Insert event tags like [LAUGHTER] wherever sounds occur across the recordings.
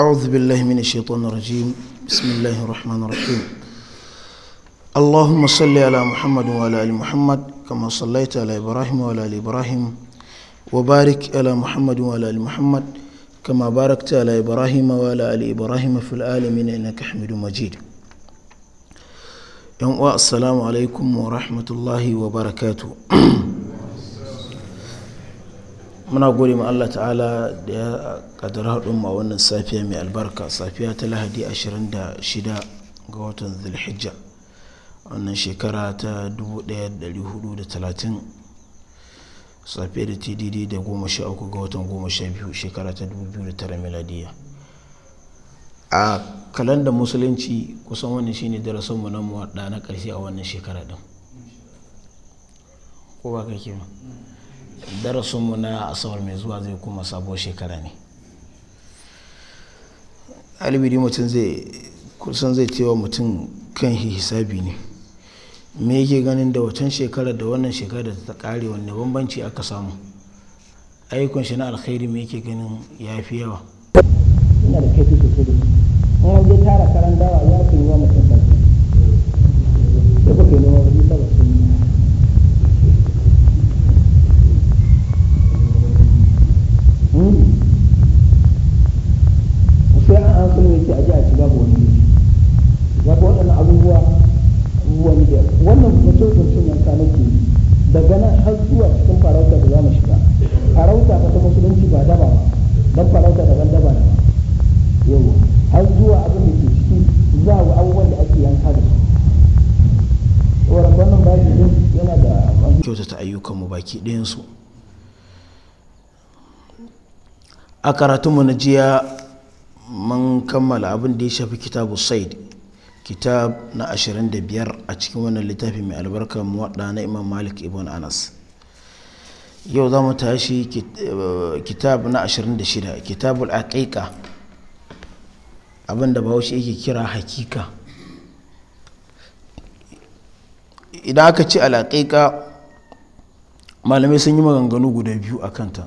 أعوذ بالله من الشيطان الرجيم بسم الله الرحمن الرحيم اللهم صل على محمد وعلى آل محمد كما صليت على إبراهيم وعلى آل إبراهيم وبارك على محمد وعلى آل محمد كما باركت على إبراهيم وعلى آل إبراهيم في العالمين إنك حميد مجيد السلام عليكم ورحمة الله وبركاته muna gode ma Allah ta'ala da ya kadara haɗin ma wannan safiya mai albarka safiya ta lahadi 26 ga watan zulhijja wannan shekara ta 1430 safiya da tdd da 13 ga watan 12 shekara ta 2009 miladiya a kalandar musulunci kusan wannan shine darasinmu na muwaɗa na ƙarshe a wannan shekara ɗin ko ba kake ba darasinmu na asabar mai zuwa zai kuma sabuwar shekara ne alibiri mutum zai kusan zai cewa mutum kan hisabi ne me yake ganin da watan shekara da wannan shekara da ta kare wanne bambanci aka samu ayyukan shi na alkhairi me yake ganin ya fi yawa ina da kai sosai da shi kuma je tara karanta baki ɗayansu a karatunmu na jiya mun kammala abin da ya shafi kitabu said kitab na 25 a cikin wannan littafi mai albarka muwadda na imam malik ibn anas yau za mu tashi eh, kitab na 26 kitabul aqiqa abinda bahaushe yake kira hakika idan aka ce al'aƙiƙa malamai sun yi maganganu guda biyu a kanta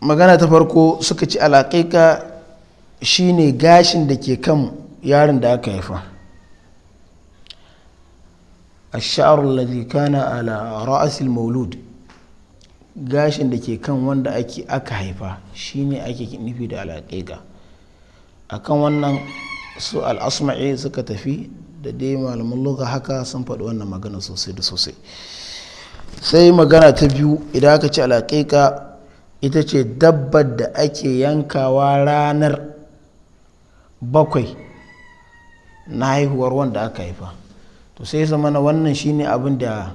magana ta farko suka ci alaƙaƙa shine gashin da ke kan yaron da aka haifa a الذي Kana على ra'asil maulud gashin da ke kan wanda ake aka haifa shine ake nufi da a akan wannan su al'asma'i suka tafi da dai malaman loga haka sun faɗi wannan magana sosai da sosai sai magana ta biyu idan aka ci alaƙaƙa ita ce dabbar da ake yankawa ranar bakwai na haihuwar wanda aka haifa to sai zama na wannan shine abin da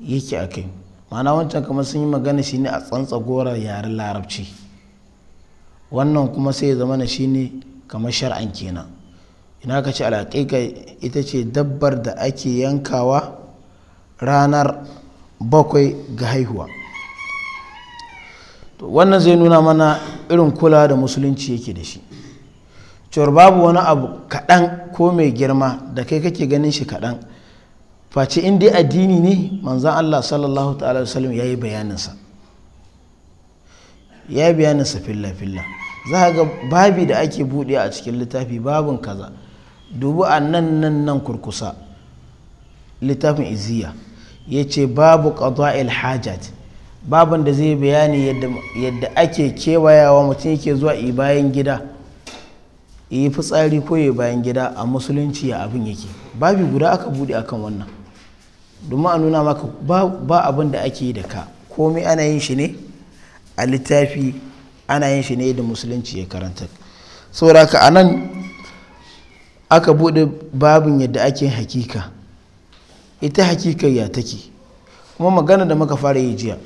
yake a kai mana wancan kamar sun yi magana shine a tsantsa gora yaren larabci wannan kuma sai zama na shine kamar shar'an kenan ina ka ce alhaƙiƙa ita ce dabbar da ake yankawa ranar bakwai ga haihuwa wannan zai nuna mana irin kula da musulunci yake da shi cewar babu wani abu kaɗan ko mai girma da kai kake ganin shi kaɗan face in dai addini ne manzan allah sallallahu ta'ala wasallam ya yi bayaninsa ya yi bayaninsa filla-filla za a ga babi da ake buɗe a cikin littafi babin kaza dubu a nan nan nan kurkusa littafin iziya ya ce babu qada'il hajat babin da zai bayani yadda ake kewayawa mutum yake zuwa yi bayan gida yi fitsari ko ya bayan gida a musulunci ya abin yake babi guda aka buɗe akan wannan domin a nuna maka ba abin da ake yi da ka komai ana yin shi ne a littafi ana yin shi ne da musulunci ya karanta saboda ka a nan. aka buɗe babin yadda ake hakika ita hakika ya take kuma magana da muka fara yi jiya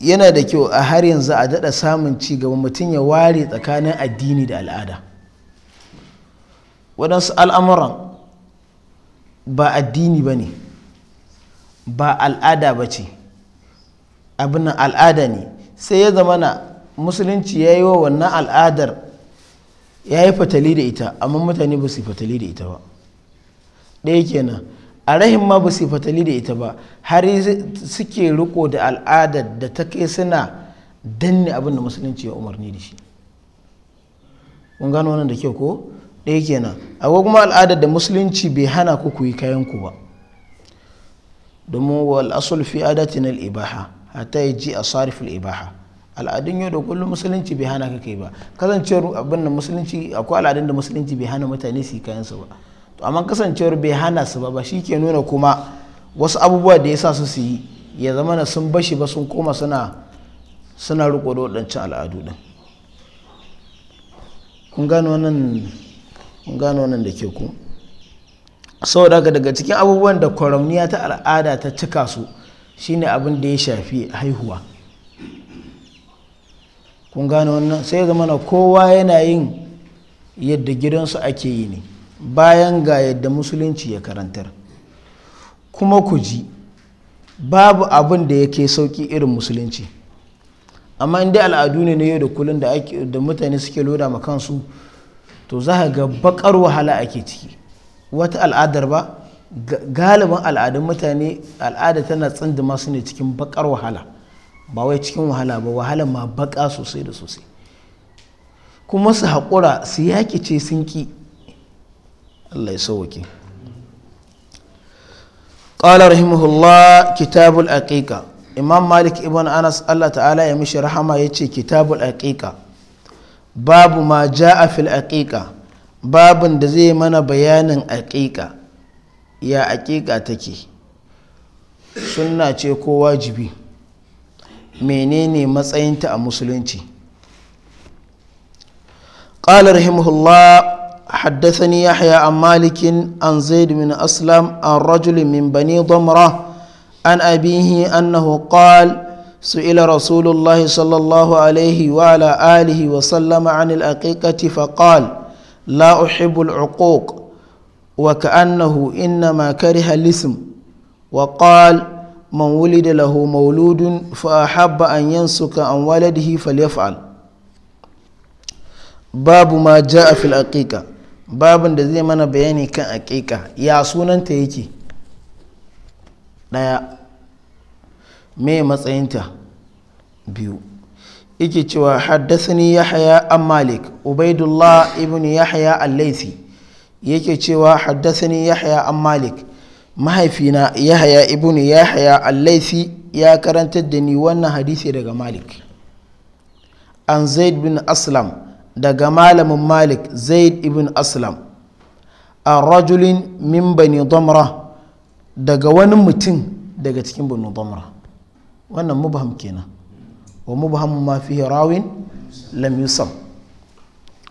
yana da kyau a har yanzu a daɗa samun ci gaba mutum ya ware tsakanin addini da al'ada waɗansu al'amuran ba addini ba ne ba al'ada ba ce abin al'ada ne sai ya zama na musulunci ya yi wa wannan al'adar ya yi fatali da ita amma mutane ba su fatali da ita ba ɗaya kenan a rahim ma ba su fatali da ita ba har suke riko da al'adar da ta kai suna danne abin da musulunci ya umarni da shi mun gano wannan da kyau ko ɗaya kenan akwai kuma al'adar da musulunci bai hana ku kuyi yi kayan ku ba domin wal asul fi adatin al ibaha hatta yaji asarif al ibaha al'adun yau da kullum musulunci bai hana ka kai ba kasancewar abin da musulunci akwai al'adun da musulunci bai hana mutane su yi su ba to amma kasancewar bai hana su ba ba shi ke nuna kuma wasu abubuwa da ya sa su su yi ya zama na sun bashi ba sun koma suna suna riko da waɗancan al'adu ɗin kun gano nan kun gano nan da ke ku saboda daga cikin abubuwan da kwaramniya ta al'ada ta cika su shine abin da ya shafi haihuwa kun gane wannan sai zama na kowa yana yin yadda gidansu ake yi ne bayan ga yadda musulunci ya karantar kuma ku ji babu abin da yake sauki irin musulunci amma inda al'adu ne na yau da kullum da mutane suke loda ma kansu to za ga bakar wahala ake ciki wata al'adar ba galibin al'adun mutane al'ada tana tsindima su ne cikin bakar wahala ba wai cikin wahala ba wahala ma baƙa sosai da sosai kuma su haƙura su yaƙi ce sun ƙi Allah ya sauwaƙi ƙalar rahimahullah kitabul aqiqa imam malik ibn anas Allah ta'ala ya mishi rahama ya ce kitabul aqiqa babu ma ja a fil aqiqa babin da zai mana bayanin aqiqa ya aqiqa take sunna ce ko wajibi menene matsayinta a musulunci قال رحمه الله حدثني يحيى عن مالك عن زيد بن أسلم عن رجل من بني ضمرة عن أبيه أنه قال سئل رسول الله صلى الله عليه وعلى آله وسلم عن الأقيقة فقال لا أحب العقوق وكأنه إنما كره الاسم وقال من ولد له مولود فأحب أن ينسك عن ولده babu ma ما جاء في الأقيقة باب da zai mana bayani kan aƙiƙa ya sunanta yake ɗaya me matsayinta biyu yake cewa haddasani yahya an malik ubaidullah ibn yahya al-laisi yake cewa haddasani yahya an malik mahaifina yahaya ibnu yahaya al'aifi ya karantar da ni wannan hadisi daga malik an zaid bin aslam daga malamin malik zaid ibn aslam a rajulin min bani domra daga wani mutum daga cikin bani domra wannan mubham kenan wa mubham ma fi rawin lam yusam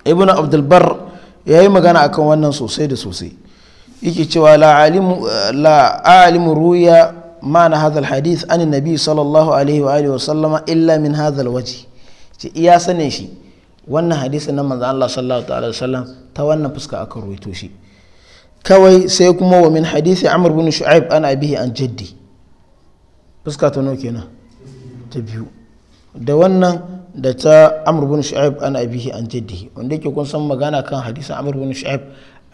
ibn abdulbar ya yi magana akan wannan sosai da sosai yake cewa la ruya ma na hadal hadith an nabi sallallahu alaihi wa alihi wa sallama illa min hadal waji ce iya sanin shi wannan hadisi na manzo Allah sallallahu alaihi wa sallam ta wannan fuska aka ruwaito shi kawai sai kuma wa min hadisi amr bin shu'aib an abihi an jaddi fuska ta nawa kenan ta biyu da wannan da ta amr bin shu'aib an abihi an jaddi wanda yake kun san magana kan hadisin amr bin shu'aib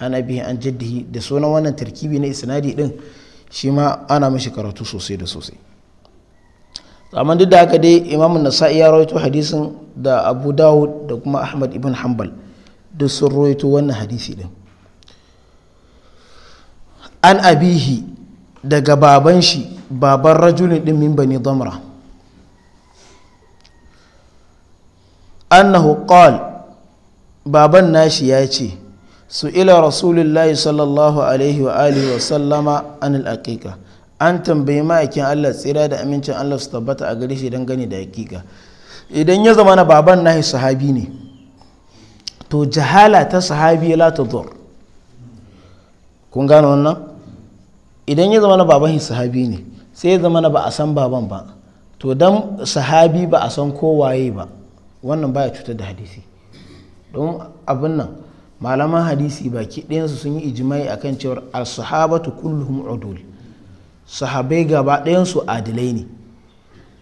ana bihi an jaddihi da sunan wannan tarkibi na isnadi din shi ma ana mashi karatu sosai da sosai amma duk da haka dai imamu nasa'i ya rawaito hadisin da abu dawud da kuma ahmad ibn hanbal duk sun rawaito wannan hadisi din an abihi daga baban shi baban rajulin din min bani damra annahu qal baban nashi ya ce Su ila rasulullahi sallallahu alaihi wa alihi wa sallama an al'aƙiƙa an tambayi ma'aikin allah tsira da amincin allah su tabbata a gare shi don gani da hakika idan ya zama na baban nahi sahabi ne to jahala ta sahabi la ta dur kun gano wannan idan ya zama na baban sahabi ne sai ya zama na ba a san baban ba to dan sahabi ba a san kowaye ba wannan baya cutar da hadisi don abin nan malaman hadisi baki ɗayansu sun yi ijimai akan cewar al sahabatu kulluhum udul sahabai gaba ɗayansu adilai ne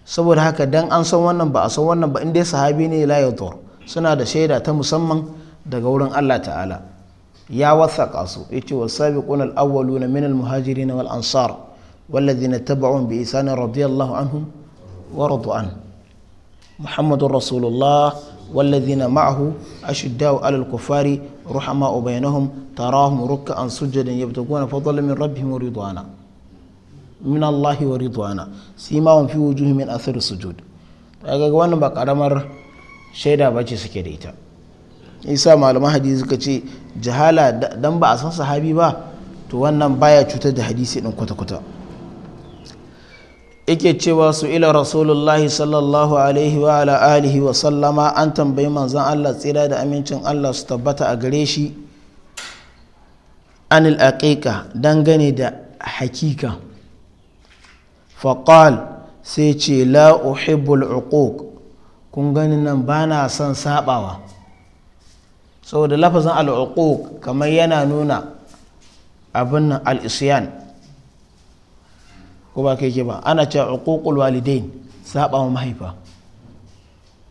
saboda haka dan an san wannan ba a san wannan ba in dai sahabi ne la yadur suna da shaida ta musamman daga wurin Allah ta'ala ya wasaƙa su yace was-sabiquna al-awwaluna min al-muhajirin wal ansar والذين تبعهم بإحسان رضي الله عنهم ورضوا عنه محمد رسول الله والذين معه أشداء على الكفار رحماء بينهم تراهم ركعا سجدا يبتغون فضلا من ربهم ورضوانا من الله ورضوانا سيماهم في وجوه من أثر السجود kaga wannan ba karamar shaida ba ce suke da ita isa malaman hadisi suka ce jahala dan ba a san sahabi ba to wannan baya cutar da hadisi din kwata-kwata yake cewa su ila rasulullahi sallallahu alaihi wa ala alihi wa sallama an tambayi manzan Allah tsira da amincin Allah su tabbata a gare shi anil aqiqa dangane da hakika faqal sai ce la uhibbul uquq kun gani nan ba na son sabawa saboda lafazin al kamar yana nuna abin al-isyan ko ba kai ke ba ana cewa uququl walidain saba wa mahaifa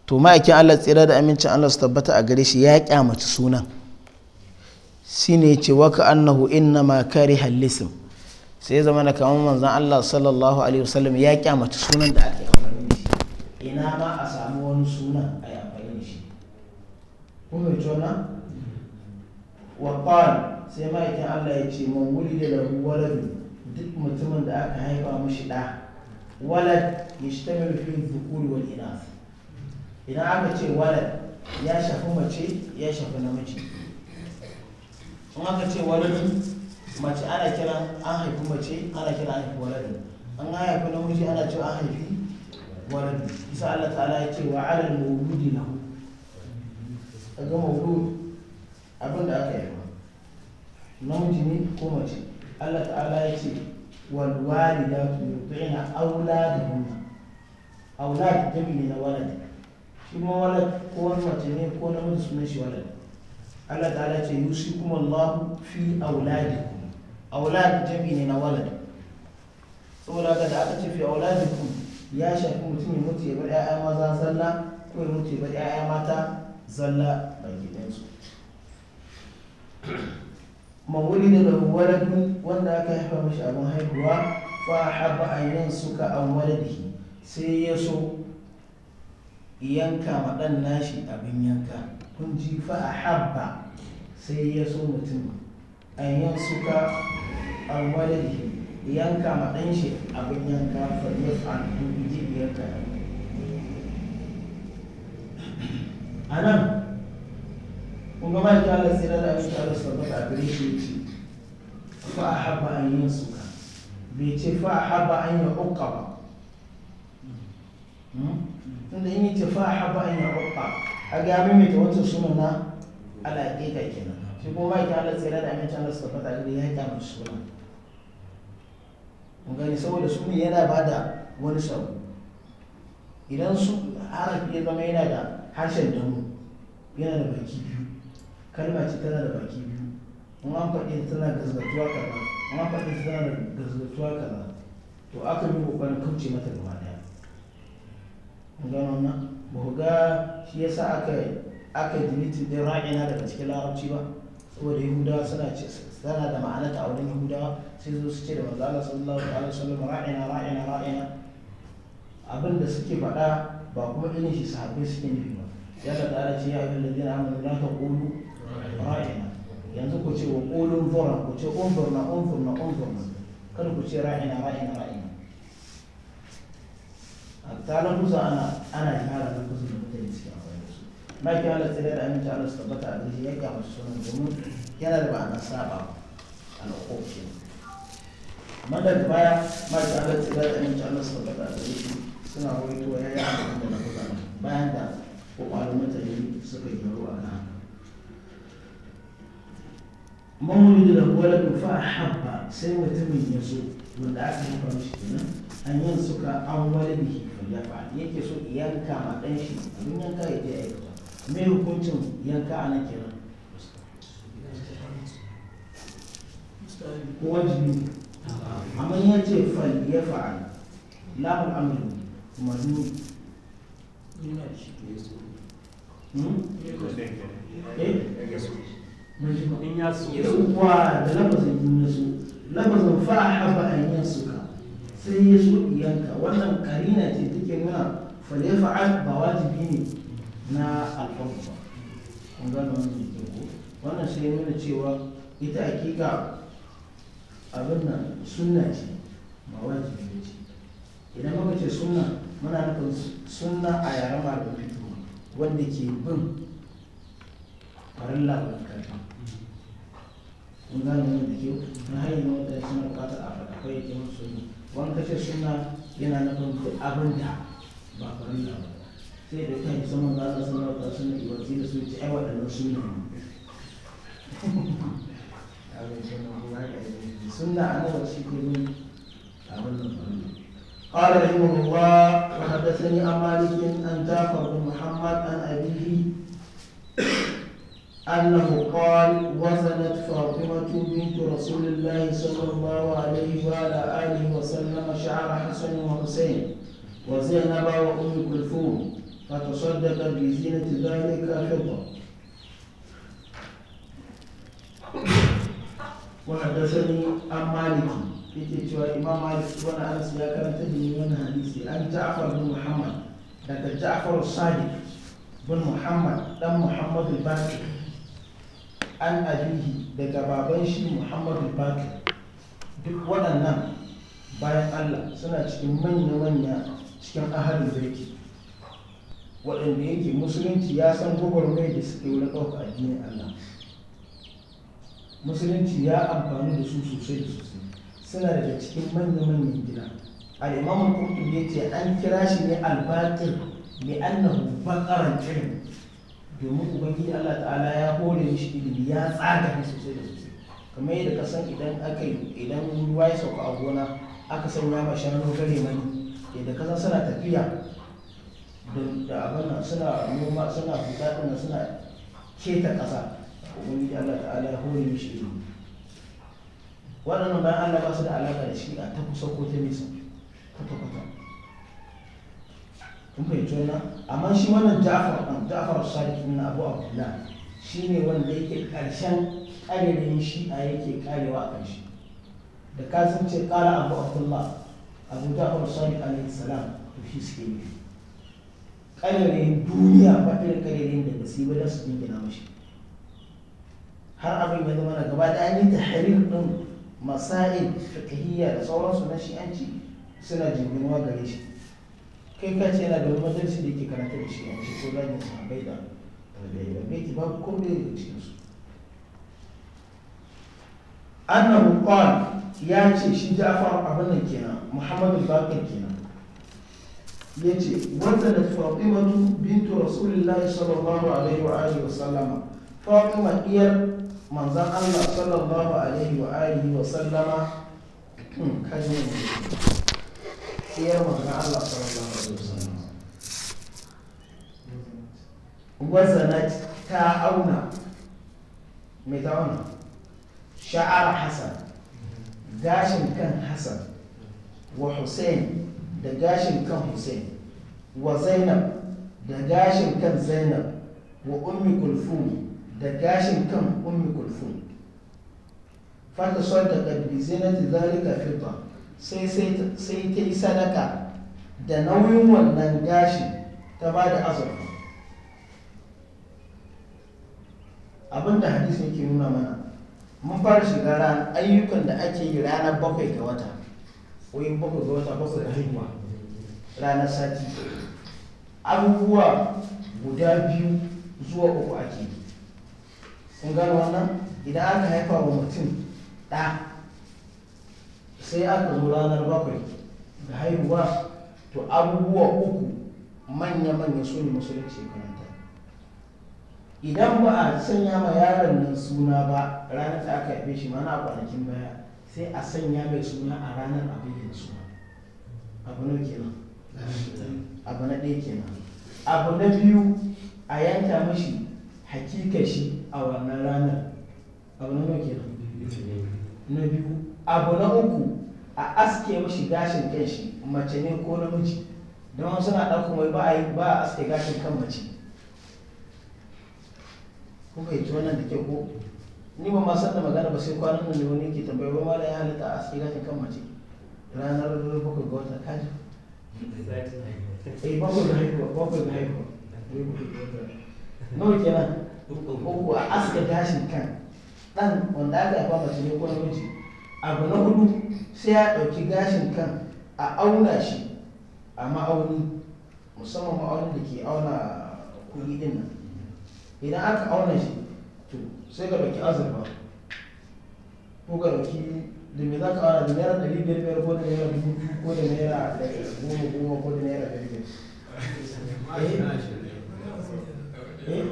to ma'aikin Allah tsira da amincin Allah su tabbata a gare shi ya kyamaci sunan shine ce ka annahu inna ma kariha lism sai zama na kamar manzon Allah sallallahu alaihi wasallam ya kyamaci sunan da ake amfani da shi ina ma a samu wani sunan a amfani da shi kun mai tona wa qala sai ma'aikin Allah ya ce man wulida lahu waladun duk mutumin da aka haifa mashi ɗa walad ya shi tamil fi zukur wal inas idan aka ce walad ya shafi mace ya shafi namiji in aka ce walad mace ana kira an haifi mace ana kira an haifi walad an haifi namiji ana ce an haifi walad isa Allah ta'ala ya ce wa alal mawludi lahu daga mawlud abin aka yi namiji ne ko mace Allah ta'ala ya ce da aula wal walidatu yurdi'na da aulad ne na walad shi ma walad ko wani mace ne ko namiji sunan shi walad Allah ta'ala ce kuma Allah fi auladikum da jami'i ne na walad saboda haka da aka ce fi auladikum ya shafi mutum ya mutu ya bar 'ya'ya maza zalla ko ya mutu ya bar 'ya'ya mata zalla baki ɗansu wuri da waladu wanda aka haifa mashi abin haihuwa fa yi nan suka an waladihi sai ya so yanka ma nashi abin yanka kun ji fa a haɓa sai ya so mutum nan suka an waladihi yanka ma shi abin yanka fa yaf'al in ji a nan kuma ba ki Allah sai da shi فأحب أن a بيتي فأحب أن fa ahabba an yasuka أن ce fa ahabba an yuqqa ba hmm? tunda in fa an a ga mai mai wancan sunan na alaƙiƙa kenan kuma ba ki da amince ya musu gani saboda yana bada wani idan su harafi ya zama yana da harshen damu yana da baki biyu kalma ce tana da baki biyu in an faɗi tana gazgatuwa kaza in an faɗi tana da gazgatuwa kaza to aka yi kokarin kauce mata gaba daya kun gano wannan ba ku ga shi yasa aka aka dinitin ɗin ra'ina daga cikin larabci ba saboda yahudawa suna ce tana da ma'ana ta auren yahudawa sai zo su ce da manzo Allah sallallahu alaihi wasallam ra'ina ra'ina ra'ina abin da suke faɗa ba kuma irin shi sahabbai suke nufi ba ya ta tsara ce ya ayyuhal ladina amanu ta taqulu ra'ina yanzu ku ce wa qulun zura ku ce unzurna unzurna unzurna kada ku ce ra'ina ra'ina ra'ina hatta na kusa ana ana gyara na kusa da mutane suke amfani da su na ki Allah da aminci Allah su tabbata a gaji yanka masu sunan domin yana da ba'ana saba al'ukofi amma baya ma ta Allah tsira da aminci Allah su tabbata a gaji suna rawaito ya yi amfani da na kusa bayan da ko malumin tare suka gyaru a kan man yuridu lahu waladun fa ahabba sai mutumin ya so wanda aka haifa mishi kenan an yin suka an waladihi falyafa yake so yanka ma dan shi abin yanka ya je aikata me hukuncin yanka a nan kenan ko wajibi amma ya ce falyafa lahu amru umarni yana shi ke so eh in ya so yawwa da lafazin in ya so lafazin fa haba an ya suka sai ya so iyanka wannan karina ce take nuna falefa'al ba wajibi ne na alfamu ba kun gano wannan ke ko wannan sai ya nuna cewa ita hakika abin nan sunna ce ba wajibi ce idan muka ce sunna muna nufin sunna a yaren malamin wanda ke bin farilla ba karfi kun gane da kyau na hanyar wanda suna bukatar a faɗa kai da musu wani kace suna yana nufin duk ba farilla ba sai da kai saman za a sanar da suna da su suna sunna annabi shi ke nuni abin nan farilla قال رحمه الله وحدثني عن مالك عن جعفر بن محمد عن أبيه أنه قال وزنت فاطمة بنت رسول الله صلى الله عليه وعلى آله وسلم شعر حسن وحسين وزينب وأم كلثوم فتصدق بزينة ذلك فضة وحدثني عن مالك كتبت إمام مالك وأنا أنسى يا كانت من حديثي أن جعفر بن محمد لكن جعفر الصادق بن محمد لم محمد الباكر an abihi daga baban shi muhammadu bakir duk waɗannan bayan allah suna cikin manya-manya cikin ahalin zirki waɗanda yake musulunci ya san gwagwarmai da suke wani ɗauka addinin allah musulunci ya amfani da su sosai da sosai suna daga cikin manya-manyan gida Alimamin kurtubi ya ce an kira shi ne albatir mai annahu bakaran domin ubangiji Allah ta'ala ya hore mishi ilimi ya tsaga ne sosai da sosai kamar yadda ka san idan aka yi idan ruwa ya sauka a gona aka san sanya ba shi ranar gare mani yadda ka san suna tafiya da abin suna noma suna fita suna keta ƙasa ubangiji Allah ta'ala ya hore mishi ilimi waɗannan bayan Allah ba su da alaƙa da shi a ta kusa ko ta nisa kwata-kwata kun fahimci wannan amma shi wannan ja'far ɗan ja'far sadiq na abu abdullah shi ne wanda yake ƙarshen ƙarerin shi'a yake ƙarewa a ƙarshe da ka sun ce ƙara abu abdullah abu ja'far sadiq alaihi salam to shi suke yi ƙarerin duniya ba da ƙarerin da basu yi ba don su jingina mashi har abin ya zama na gaba da an yi tahrir ɗin masa'il fiqhiyya da sauransu na shi'anci suna jinginuwa gare shi kai ka ce yana da wani madarsi da ke karanta da shi a cikin ce ko zagin bai da tabi'ai ba, me ke babu ko da yake cikin su annabu qal ya ce shi afa abin nan kenan Muhammadu bakin kenan. Ya ce, wanda da Fatima bintu Rasulullahi sallallahu alaihi wa alihi wa sallama Fatima diyar manzan Allah sallallahu alaihi wa alihi wa sallama [CLEARS THROAT] kaji ne قيامه تعلق صلى الله عليه وسلم وزنت تاؤنا ميتاؤنا شعر حسن gashin kan hassan wa hussein da gashin kan hussein wa zainab da gashin kan zainab wa ummi kulfum da gashin kan ummi kulfum fata sadda bi zinati zalika fitra sai ta yi sadaka da nauyin wannan gashi ta ba da azurfa abinda hadisi yake nuna mana mun fara shiga ran ayyukan da ake yi ranar bakwai ga wata wayin bakwai ga wata bakwai da haihuwa ranar sati abubuwa guda biyu zuwa uku ake yi kun gano wannan idan aka haifa wa mutum ɗa sai aka zo ranar bakwai da haihuwa to abubuwa uku manya-manya su ne musulunci karanta idan ba a sanya ma yaron nan suna ba ranar da aka haife shi mana a kwanakin baya sai a sanya mai suna a ranar abin suna abu na kenan abu na ɗaya kenan abu na biyu a yanta mashi hakika shi a wannan ranar abu na kenan na biyu abu na uku a aske mashi gashin kan shi mace ne ko namiji don suna ɗaukar mai ba a yi ba a aske gashin kan mace ko kai ci wannan da ke ko ni ba ma san da magana ba sai kwanan nan ne wani ke tambayi ba mala ya halitta a aske gashin kan mace ranar bakwai ga wata kaji eh bakwai ga haihuwa bakwai ga haihuwa nawa kenan uku a aske gashin kan ɗan wanda aka haifa mace ne ko namiji abu na hudu sai ya ɗauki gashin kan a auna shi a ma'auni musamman ma'aunin da ke auna kuri din nan idan aka auna shi to sai ka ɗauki azurfa ko ka ɗauki da me za ka auna da naira ɗari biyar biyar ko da naira dubu ko da naira goma goma ko da naira ɗari biyar eh?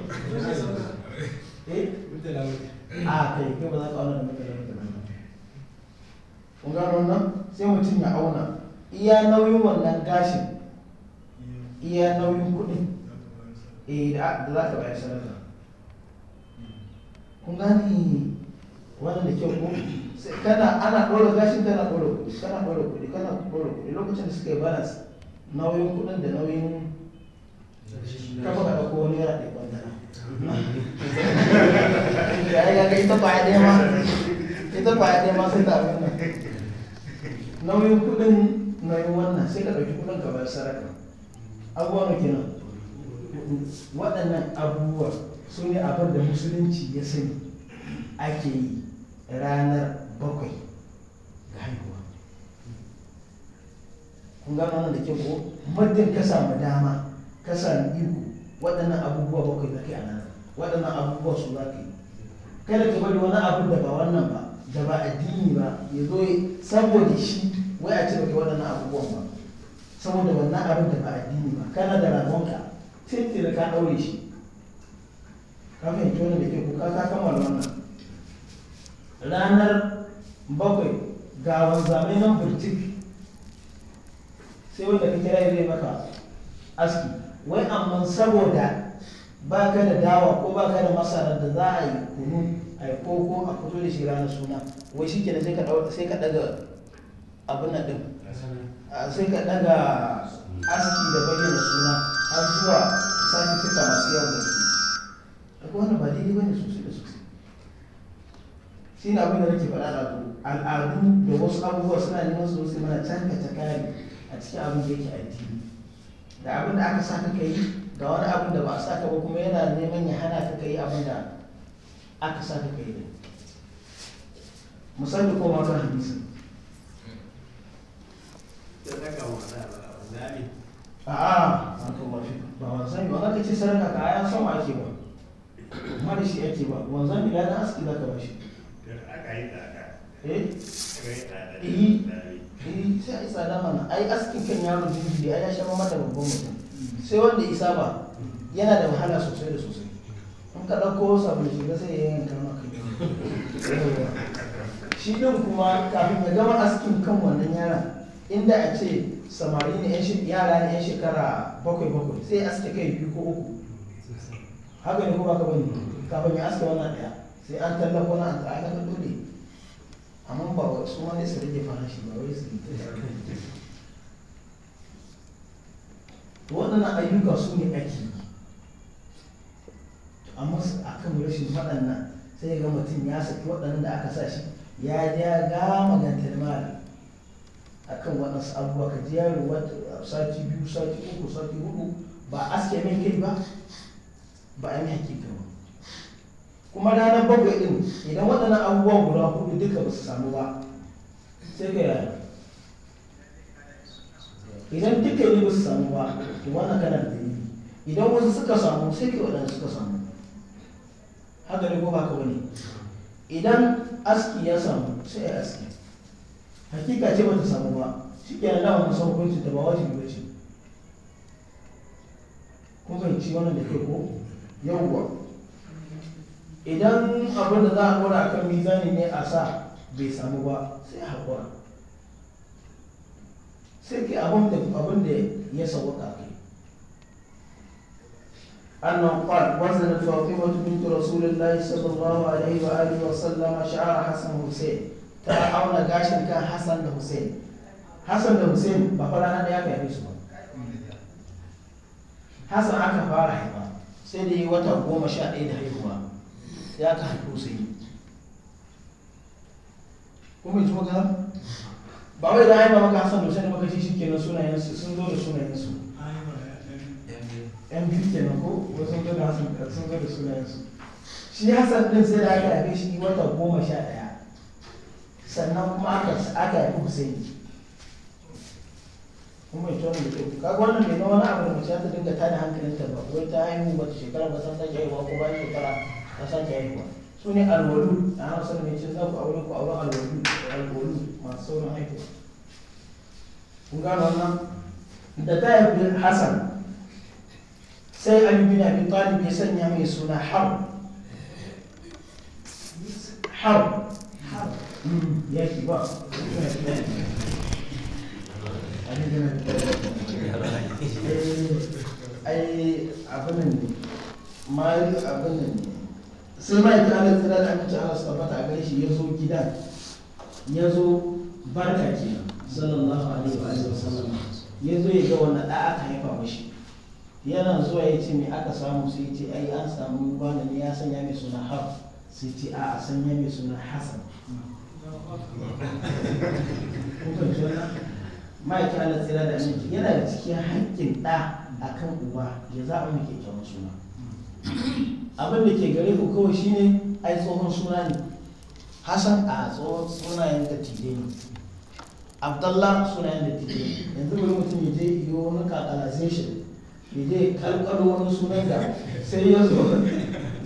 Eh? Eh? a kai kai ba za ka auna da mutane kun gano nan sai mutum ya auna iya nauyin wannan gashin iya nauyin kudin eh da za ka bayar sanarwa kun gani wannan da kyau ko kana ana ɗora gashin kana ɗora kuɗi kana ɗora kuɗi kana ɗora kudi lokacin da suka yi balas nauyin kuɗin da nauyin kafa ka wani yana ɗaya da [LAUGHS] ya ga ita ba ɗaya ma ita ba ɗaya ma sai ta abin nan nauyin kudin nauyin wannan sai ka ɗauki kudin ka bar saraka abuwa na kenan waɗannan abubuwa su ne abin da musulunci ya sani ake yi ranar bakwai ga haihuwa kun gano nan da ke ko muddin ka samu dama ka samu iko waɗannan abubuwa bakwai na ka a nan waɗannan abubuwa su za ka yi kada ka bari wani abu da ba wannan ba da ba addini ba ya zo saboda shi wai a ce baka waɗannan abubuwan ba saboda wannan abin da ba addini ba kana da ragonka tintin ka ɗaure shi ka fahimci wani da ke kuka ka kammala wannan ranar bakwai ga wanzame nan burtik sai wanda ka kira zai maka aski wai amma saboda ba ka da dawa ko ba ka da masarar da za a yi kunu a yi koko a fito da shi ranar suna wai shi kenan sai ka daga abin nan din sai ka daga aski da bayyana suna har zuwa fita masu yawan gaske akwai wannan ba daidai bane sosai da sosai shi ne abin da nake faɗa da ku al'adu da wasu abubuwa suna neman su sai mana canka ta kare a cikin abin da yake addini da abin da aka sa ka kai da wani abin da ba a sa ka ba kuma yana neman ya hana ka kai abin da aka sa ka kai ne musamman ko ma kan hadisi a'a an kuma fi ba wanzan ba ka ce sarka ka aya sama ake ba kuma da shi ake ba wanzan ya da aski za ka bashi eh eh. eh sai a yi tsada mana ai askin kan yaro jirgi da ya sha mata babban mutum sai wanda isa ba yana da wahala sosai da sosai in ka ɗauko wasu shiga sai ya yanka maka shi ɗin kuma kafin ya gama askin kan wannan yaran inda a ce samari ne yara ne yan shekara bakwai bakwai sai aske kai biyu ko uku haka ne kuma ka bane kafin ya aske wannan ɗaya sai an tallafa na an ta'ala ka dole amma ba wa su wani su rage farashi ba wai su waɗannan ayyuka su ne ake amma a kan rashin waɗannan sai ga mutum ya saki waɗannan da aka sa shi ya ya gama gantar mali a kan waɗansu abubuwa ka ji yaro sati biyu sati uku sati hudu ba a aske mai kai ba ba a yi hakika ba kuma ranar bakwai ɗin idan waɗannan abubuwa guda hudu duka ba su samu ba sai ka yaro idan duka ne ba su samu ba to wannan kana da dalili idan wasu suka samu sai ke waɗanda suka samu haka ne ko ba ka wani idan aski ya samu sai ya aski hakika ce bata samu ba shi ke nan dama masu hukuncin da ba wajibi ba ce kun fahimci wannan da ke ko yawwa idan abin da za a dora kan mizani ne a sa bai samu ba sai haƙura sai ke abin da ya sauka أنه قال وزنت فاطمة بنت رسول الله صلى الله عليه وآله وسلم شعار حسن حسين ta auna gashin kan Hassan da Hussein Hassan da Hussein ba fara da ya kai su ba Hassan aka fara haifa sai da yi wata goma sha ɗaya da haihuwa ya ka haifi Hussein kuma ji maka ba wai da haifa maka Hassan da maka kenan sunayensu sun zo da sunayensu yan biyu na ko sun zo da hasan sun zo da su. shi hasan ɗin sai da aka yabe shi wata goma sha ɗaya sannan kuma aka aka yabi husaini kuma ita wani da kaga wannan bai na wani abu da mace ta dinga tada hankalinta ba wai ta haihu ta shekara ba san sake haihuwa ko ba shekara ta san sake haihuwa su ne alwalu a hausa ne ce za ku aure ku aure alwalu alwalu masu saurin haihuwa kun gano wannan da ta haifi hasan sai Ali bin Abi Talib ya sanya mai suna har har ya ki ba ai abinan mai abinan sai mai ta ala tsira da aminci ala sabata a gare shi ya zo gidan ya zo barka ke sallallahu alaihi wa sallam ya zo ya ga wani da aka haifa mashi yana zuwa ya ce mai aka samu sai ya ce ai an samu ne ya sanya mai suna haf sai ce a a sanya mai suna hasan ma'aikin ala tsira da aminci yana da cikin hankin ɗa a kan uba ya zaɓa mai kyakkyawan suna abin da ke gare ku kawai shine ai tsohon suna ne hasan a tsohon sunayen da tide ne abdallah sunayen da tide yanzu wani mutum ya je yi wani kakalazin shi je kalkalo wani sunan da sai ya zo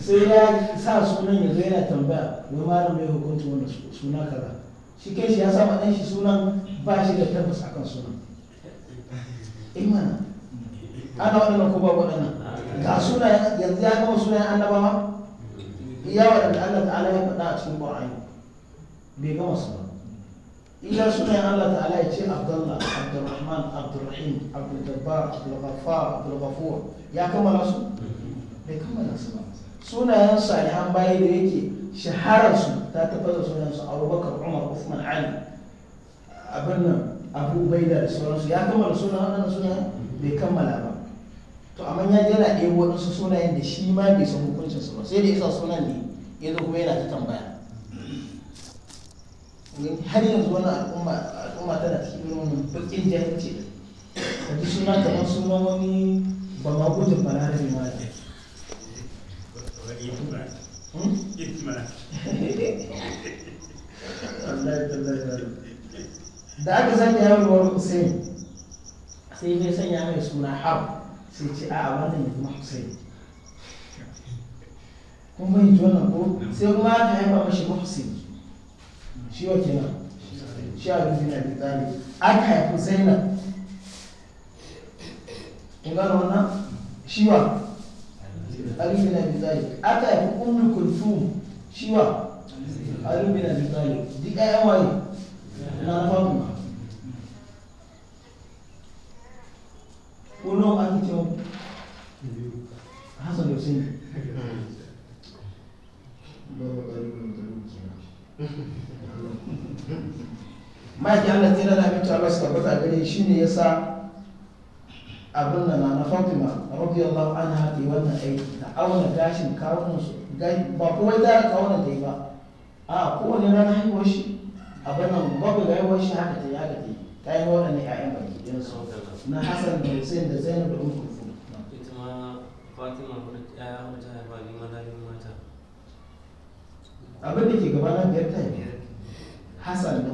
sai ya sa sunan ya zo yana tambaya wai malam mai hukunci wani suna kaza shi kai shi ya sa maɗan shi sunan ba shi da tabbas akan sunan imana eh ana waɗannan ko ba waɗannan ga suna yanzu ya gama sunan annabawa iya waɗanda Allah ta'ala ya faɗa a cikin Qur'ani bai gama su iya sunayen Allah ta'ala ya ce Abdullah Abdurrahman Abdurrahim Abdulgabbar Abdulghaffar Abdulghafur ya kammala su bai kammala su ba sunayen salihan bayi da yake shahararsu ta tabbata sunayen su Abubakar Umar Uthman Ali Abu Baida da sauransu ya kammala sunayen wannan sunayen bai kammala ba to amma ya jira yana ɗebo waɗansu sunayen da shi ma bai san hukuncinsu ba sai da isa sunan ne yanzu kuma yana ta tambaya har yanzu wannan al'umma al'umma tana cikin bakin jahilci da suna kamar suna wani ba ma gudun ba na da ma da da aka sanya yaro wani hussein sai bai sanya mai suna har sai ce a wannan ya zama hussein yi na ko sai kuma aka haifa mashi mahussein shi wa kenan shi a rufi da tsari aka haifi zainab kun gano wannan shi wa alibi da tsari aka haifi ummu kulthum shi wa alibi na tsari duk ayan waye na fatima kullum an ce hasan da hussein maki Allah tsira na abinci Allah suka tabbata gare shi ne sa abin da na Fatima radiyallahu anha ta wannan aiki ta auna gashin kawunan su ba kowai da kawunan ta yi ba a kowane rana haihuwar shi abin nan babu ga haihuwar shi haka ta yi haka ta yi ta yi ne 'ya'yan baki ɗin su na Hassan da Hussein da Zainab da Umar fatima abin da ke gaba na biyar ta yi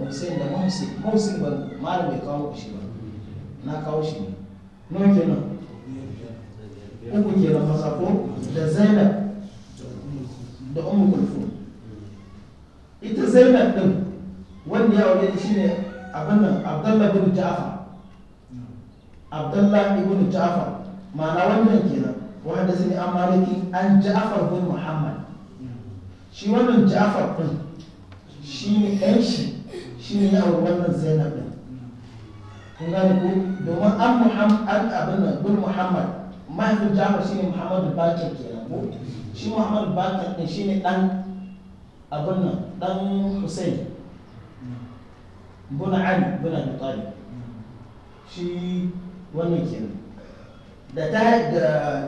hadisin da ba malam bai kawo shi ba na kawo shi ne nawa kenan uku maza ko da zainab da ummu kulfu ita zainab din wanda ya aure shi ne abin nan abdallah ja'far abdallah ibn ja'far ma'ana wannan kenan wanda sun yi maliki an ja'far bin muhammad shi wannan ja'far din shi ne ɗan shi shi ne na wannan zainab din kun gane ko domin an muhammad abin nan bin muhammad mahaifin jafar shine ne muhammadu bakir kenan ko shi muhammadu bakir din shi ne dan abin nan ɗan hussein buna ali buna mutali shi wannan kenan da ta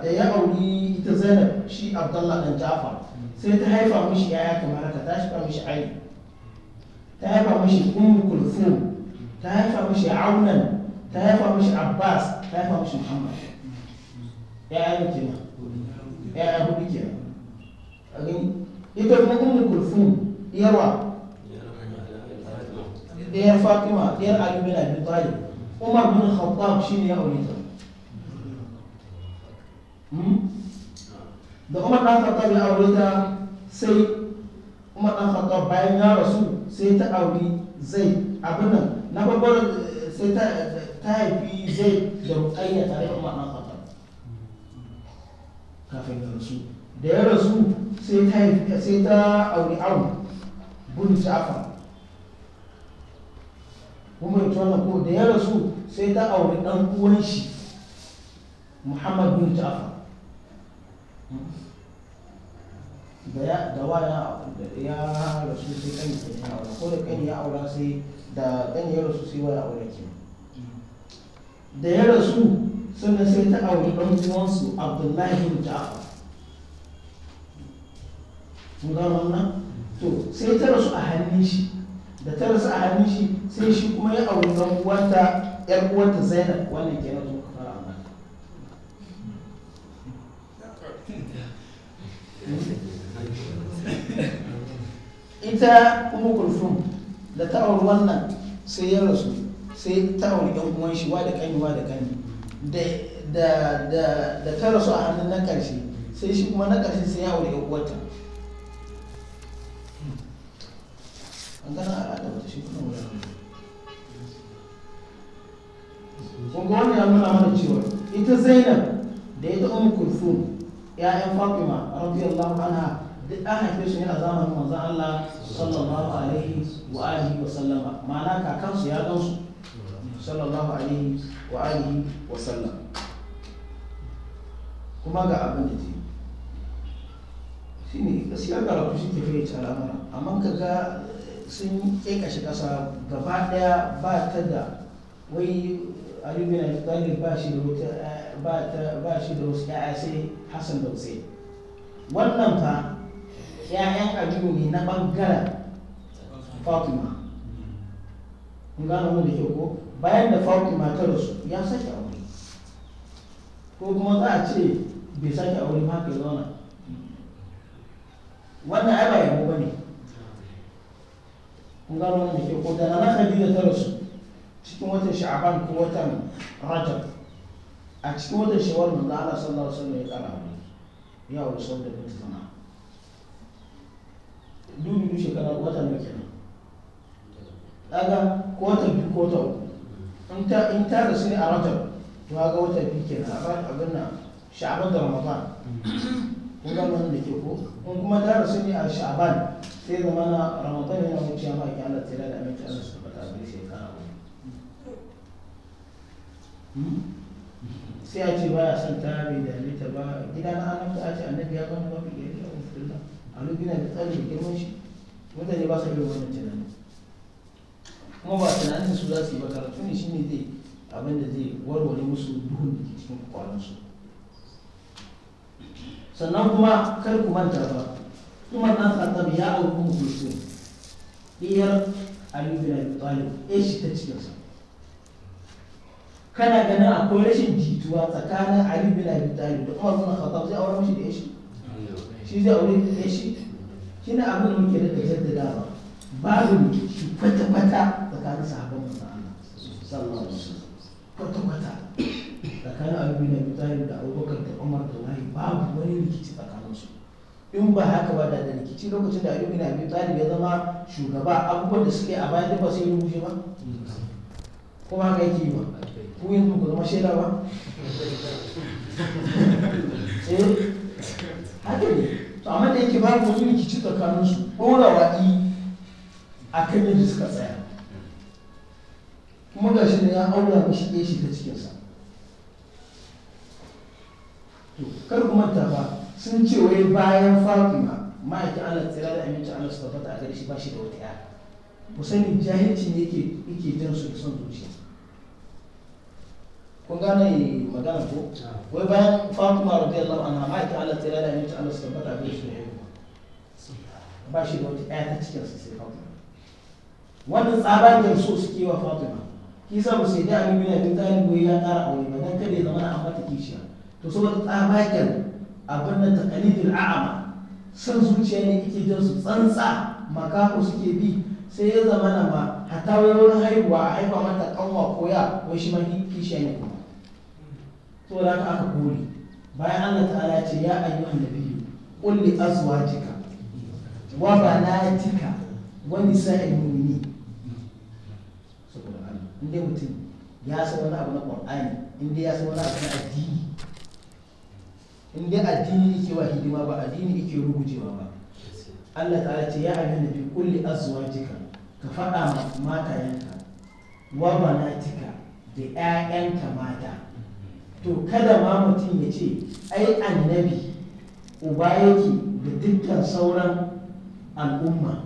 da ya auri ita zainab shi abdullah dan jafar sai ta haifa mishi yaya kamar haka ta haifa mishi ali تافع مش ام كلثوم تافع مش عونا تافع مش عباس تافع مش محمد يا عيني يا ابو يا يبقى من ام كلثوم يا روى يا فاطمه يا علي بن ابي طالب عمر بن الخطاب شنو يا اولي ده عمر بن الخطاب يا اولي سي عمر بن الخطاب يا رسول sai ta auri zai abinan na babbar eh, sai ta haifi zai da rukayya tare da umarna ɗan kafin da rasu da ya rasu sai ta haifi sai ta auri awu ta afa kuma ita wannan ko da ya rasu sai ta auri dan uwan shi muhammad ta afa da ya da wa ya rasu sai kan ya aure ko da kan ya aure sai da kan ya rasu sai wa ya aure ki da ya rasu sannan sai ta auri dan uwansu Abdullahi bin Ja'far mun ga wannan to sai ta rasu a hannun shi da ta rasu a hannun shi sai shi kuma ya aure dan uwanta yar uwanta Zainab wannan kenan ita umu kulfun da ta auri wannan sai ya rasu sai ta auri yan uwan shi wa da kani wa da kani da ta rasu a hannun na karshe sai shi kuma na karshe sai ya auri yan uwarta an gana wata shi kuma wurin wani ya nuna mana cewa ita zainab da ita umu kulfun ya'yan fatima radiyallahu anha duk an haife su ne a zamanin manzon Allah sallallahu alaihi wa alihi wa sallama ma'ana kakansu ya gan su sallallahu alaihi wa alihi wa sallama kuma ga abin da ce shine gaskiya karatu shi tafiye ci al'amura amma ka ga sun kashe kasa gaba daya ba ta da wai alibin al-talib ba shi da wata ba shi da wasu ya'ya sai hassan da hussein wannan fa 'ya'yan aliyu ne na ɓangaren fatima kun gano mu da ke ko bayan da fatima ta rasu ya sake aure ko kuma za a ce bai sake aure ma ka zauna wannan ai ba yabo ba ne kun gano mu da ke ko da na khadija ta rasu cikin watan sha'aban ko watan rajab a cikin watan shawarar manzo Allah sallallahu alaihi wasallam ya kara aure ya aure sau da mutuna dudu shekara wata na kenan daga ko wata biyu ko in ta in ta su ne a rajab to ga wata biyu kenan a ran abin nan sha'aban da ramadan ko ga wannan da ke ko in kuma ta su ne a sha'aban sai zama na ramadan yana wuciya ma ki Allah tsira da amince Allah su fata a shekara hmm? sai a ce baya son ta bai da ta ba gida na annabta a ce annabi ya zama mafi annabi yana da tsarin da girman shi mutane ba su yi wannan tunani kuma ba tunanin su za su yi ba karatu ne shine zai abin da zai warware musu duhun da ke cikin kwalansu sannan kuma kar ku manta ba kuma dan khattab ya auku kulsum diyar ali bin abi talib eh shi ta cikin sa kana ganin akwai rashin jituwa tsakanin ali bin abi talib da umar bin khattab zai aure mishi da shi shi zai aure ki kai shi kina abin da muke Ba jaddadawa babu shi kwata-kwata tsakanin sahabban manzo Allah sallallahu alaihi wasallam kwata-kwata tsakanin Abu Bakar da Talib da Abubakar da Umar da Wali babu wani rikici tsakanin su in ba haka ba da rikici lokacin da Abu Bakar Talib ya zama shugaba abubuwan da suke a baya duk ba sai rubuce ba kuma haka yake yi ba ku yanzu ku zama shaida ba [LAUGHS] eh? haka ne to amma da yake babu wani rikici tsakanin su ɗora waɗi a kan yadda suka tsaya kuma ga shi ne ya aura mashi ɗaya shi ta cikinsa to kar ku manta ba sun ce wai bayan fatima ma'aikin ana tsira da aminci ana su tabbata a gari shi ba shi da wata yara ku sani jahilcin ne yake jan su da son zuciya kun gane magana ko wai bayan fatima radiyallahu anha ma ita Allah tsira da yanci Allah sun faɗa bai shi ba shi da wata ɗaya ta cikin su sai fatima wannan tsabagen so suke wa fatima kisa ba sai dai abin bin ta tsarin goyi ya ƙara aure ba dan kada ya zama na amma ta kishiya to saboda tsabagen abin nan taqalidul a'ama san zuciya ne yake jin su tsantsa makaho suke bi sai ya zama na ma hatta wani wurin haihuwa a haifa mata kanwa koya. wai shi ma kishiya ne saboda haka aka kore bayan Allah ta'ala ya ce ya ayyuhan nabiyyu qul li azwajika wa banatika wa nisa'il mu'minin saboda Allah inda mutum ya san wani abu na Qur'ani inda ya san wani abu na addini inda addini yake wa hidima ba addini yake rugujewa ba Allah ta'ala ce ya ayyuhan nabiyyu qul li azwajika ka faɗa ma matayenka wa banatika da 'ya'yanka mata to kada ma mutum ya ce ai annabi uba yake da dukkan sauran al'umma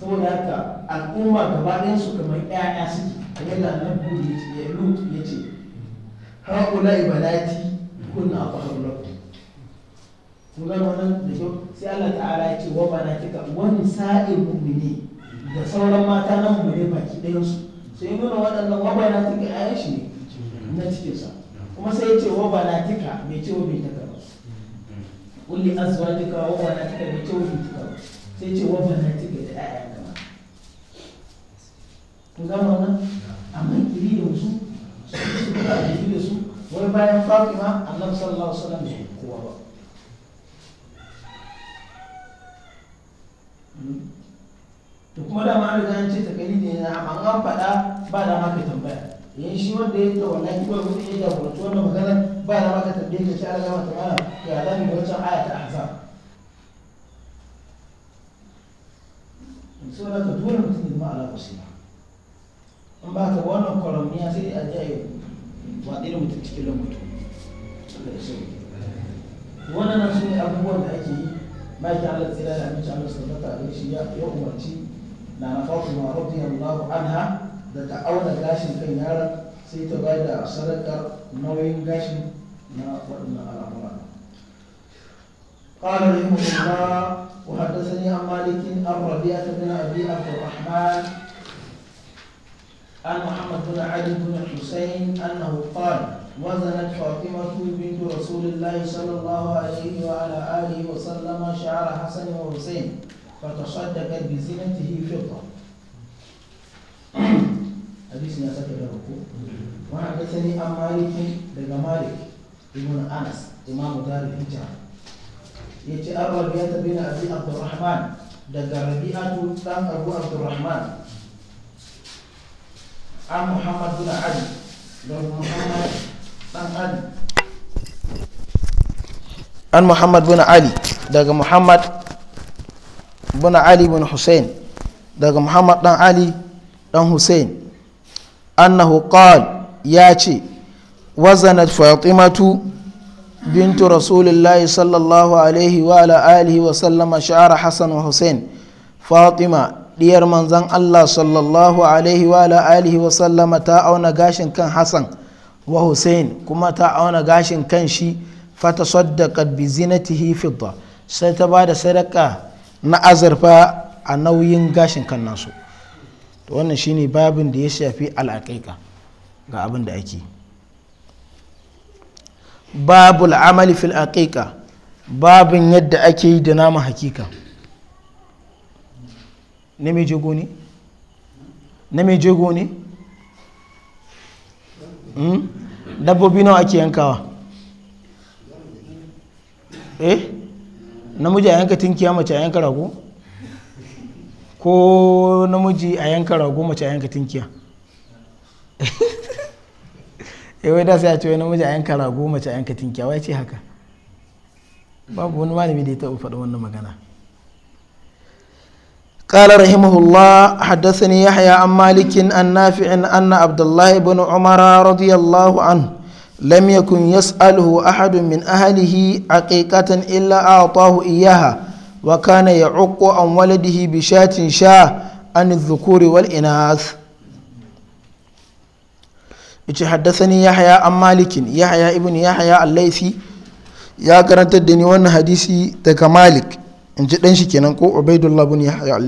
saboda haka al'umma gaba ɗayan su kamar 'ya'ya suke kamar da annabi ya ce ya lut ya ce haƙula ibalati kunna a ƙwararraku kun gano wannan da kyau sai Allah ta'ala ya ce wa bana kika wani sa'in ne da sauran mata na ne baki ɗayan su sai nuna waɗannan wa bana kika 'ya'yan shi ne na cikinsa kuma sai ya ce wa banatika mai ce wa baitaka ba kulli azwajika wa banatika mai ce wa baitaka ba sai ce wa banatika da ƴaƴanka ba ku zama nan amma kiri da su su kuma a jiki da su wai bayan fatima annabi sallallahu alaihi wasallam bai kowa ba hmm. to kuma da ma an riga an ce takalidi ne amma an faɗa ba da ma ka tambaya yayin shi wanda ya tawalla ki wani mutum ya jagoranci wannan magana ba na maka tambaye ka ce Allah ya mata mana ya za mu wancan aya ta azam. so na ka dole mutum ya ma ala basira in ba ka wannan kwaramniya sai a je a yi waɗe da mutum cikin lambato wannan su ne abubuwan da ake yi maki Allah tsira da aminci Allah su tabbata da gaishe ya umarci na na fatima radiyallahu anha da ta gashin kan yaron sai ta ba da sadakar nauyin gashin na waɗannan al'amura قال رحمه الله وحدثني عن مالك عن ربيعة بن أبي عبد الرحمن عن محمد بن علي بن الحسين أنه قال وزنت فاطمة بنت رسول الله صلى الله عليه وعلى آله وسلم شعر حسن وحسين فتصدقت بزينته فضة hadisin ya saka da ruku wani hadisani an malikin daga malik ibn anas imamu darul hijra ya ce an rabiya ta bin abi abdurrahman daga rabi'atu dan abu abdurrahman an muhammad bin ali daga muhammad dan ali an muhammad bin ali daga muhammad bin ali bin hussein daga muhammad dan ali dan hussein annahu qal ya ce wazanat fatimatu bintu rasulillahi sallallahu alaihi wa ala alihi sallama sha'ara hasan wa fatima diyar manzan allah sallallahu alaihi wa sallama ta auna gashin kan hasan wa hussein kuma ta auna gashin kan shi fata saddaka bi zinatihi fidda sai ta ba da sadaka na azurfa a nauyin gashin kan nasu to wannan shine babin da ya shafi al'aƙaika ga abin da ake babul al'amali fil aqiqa babin yadda ake yi da nama hakika na mai jego ne? na mai jego ne? Hmm? dabbobi nawa ake yankawa eh namiji a yanka tinkiya mace a yanka rago? ko namiji a yanka rago mace a yanka tinkiya [LAUGHS] eh, wai da sai a ce namiji a yanka rago mace a yanka tinkiya wai ce haka babu wani malami da ya taɓa faɗa wannan magana قال رحمه الله حدثني يحيى عن مالك عن نافع أن عبد الله بن عمر رضي الله عنه لم يكن يسأله أحد من أهله عقيقة إلا أعطاه إياها وكان يعق عن ولده بشاة wal inas الذكور والإناث حدثني يحيى عن مالك يحيى ابن يحيى الليثي ya karantar da ni wannan hadisi daga malik in ji ɗanshi kenan ko ubaidullah bin yahya al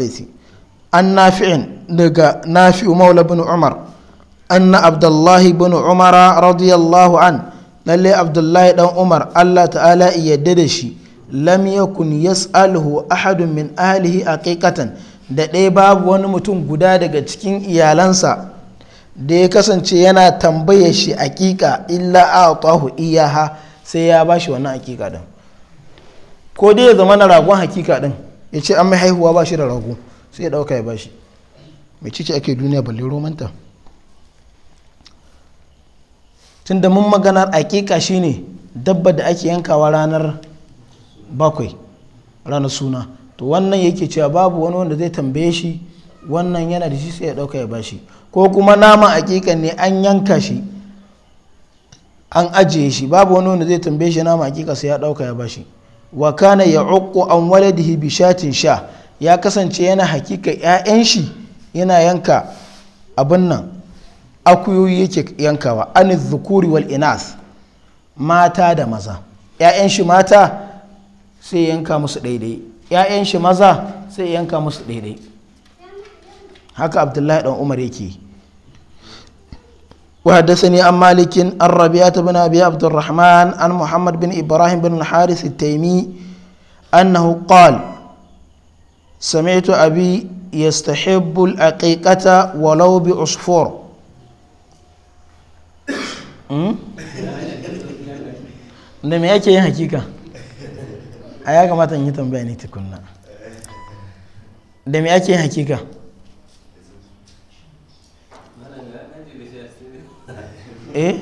an nafi'in daga nafi'u maula bin umar anna abdullahi bin umar radiyallahu an lalle abdullahi dan umar Allah ta'ala yadda da shi lam yakun yas'aluhu ahadun min ahlihi aqiqatan da ɗaya babu wani mutum guda daga cikin iyalansa da ya kasance yana tambaye shi aƙiƙa illa a tahu iyaha sai ya bashi wannan aƙiƙa din ko dai ya zama na ragon hakika din ya ce an mai haihuwa ba shi da rago sai ya ɗauka ya bashi mai cice ake duniya balle romanta tunda mun maganar aƙiƙa shine dabba da ake yankawa ranar bakwai ranar suna to wannan yake cewa babu wani wanda zai tambaye shi wannan yana da shi sai ya dauka ya bashi ko kuma nama hakikan ne an yanka shi an ajiye shi babu wani wanda zai tambaye shi nama hakika sai ya ɗauka ya bashi wa kana ya uku an waladihi bi shatin sha ya kasance yana hakika 'ya'yan shi yana yanka abin nan akuyoyi yake yankawa an zukuri wal inas mata da maza 'ya'yan shi mata sai yanka musu daidai ‘ya'yan shi maza sai yanka musu daidai haka abdullahi dan umar yake وحدثني عن مالك عن ربيعة بن أبي عبد الرحمن عن محمد بن إبراهيم بن الحارث التيمي أنه قال سمعت أبي يستحب العقيقة ولو بعصفور da me yake yin hakika a ya kamata yi tambaya ne tukunna da me ake hakika eh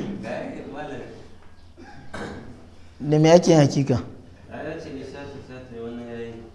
da me ake hakika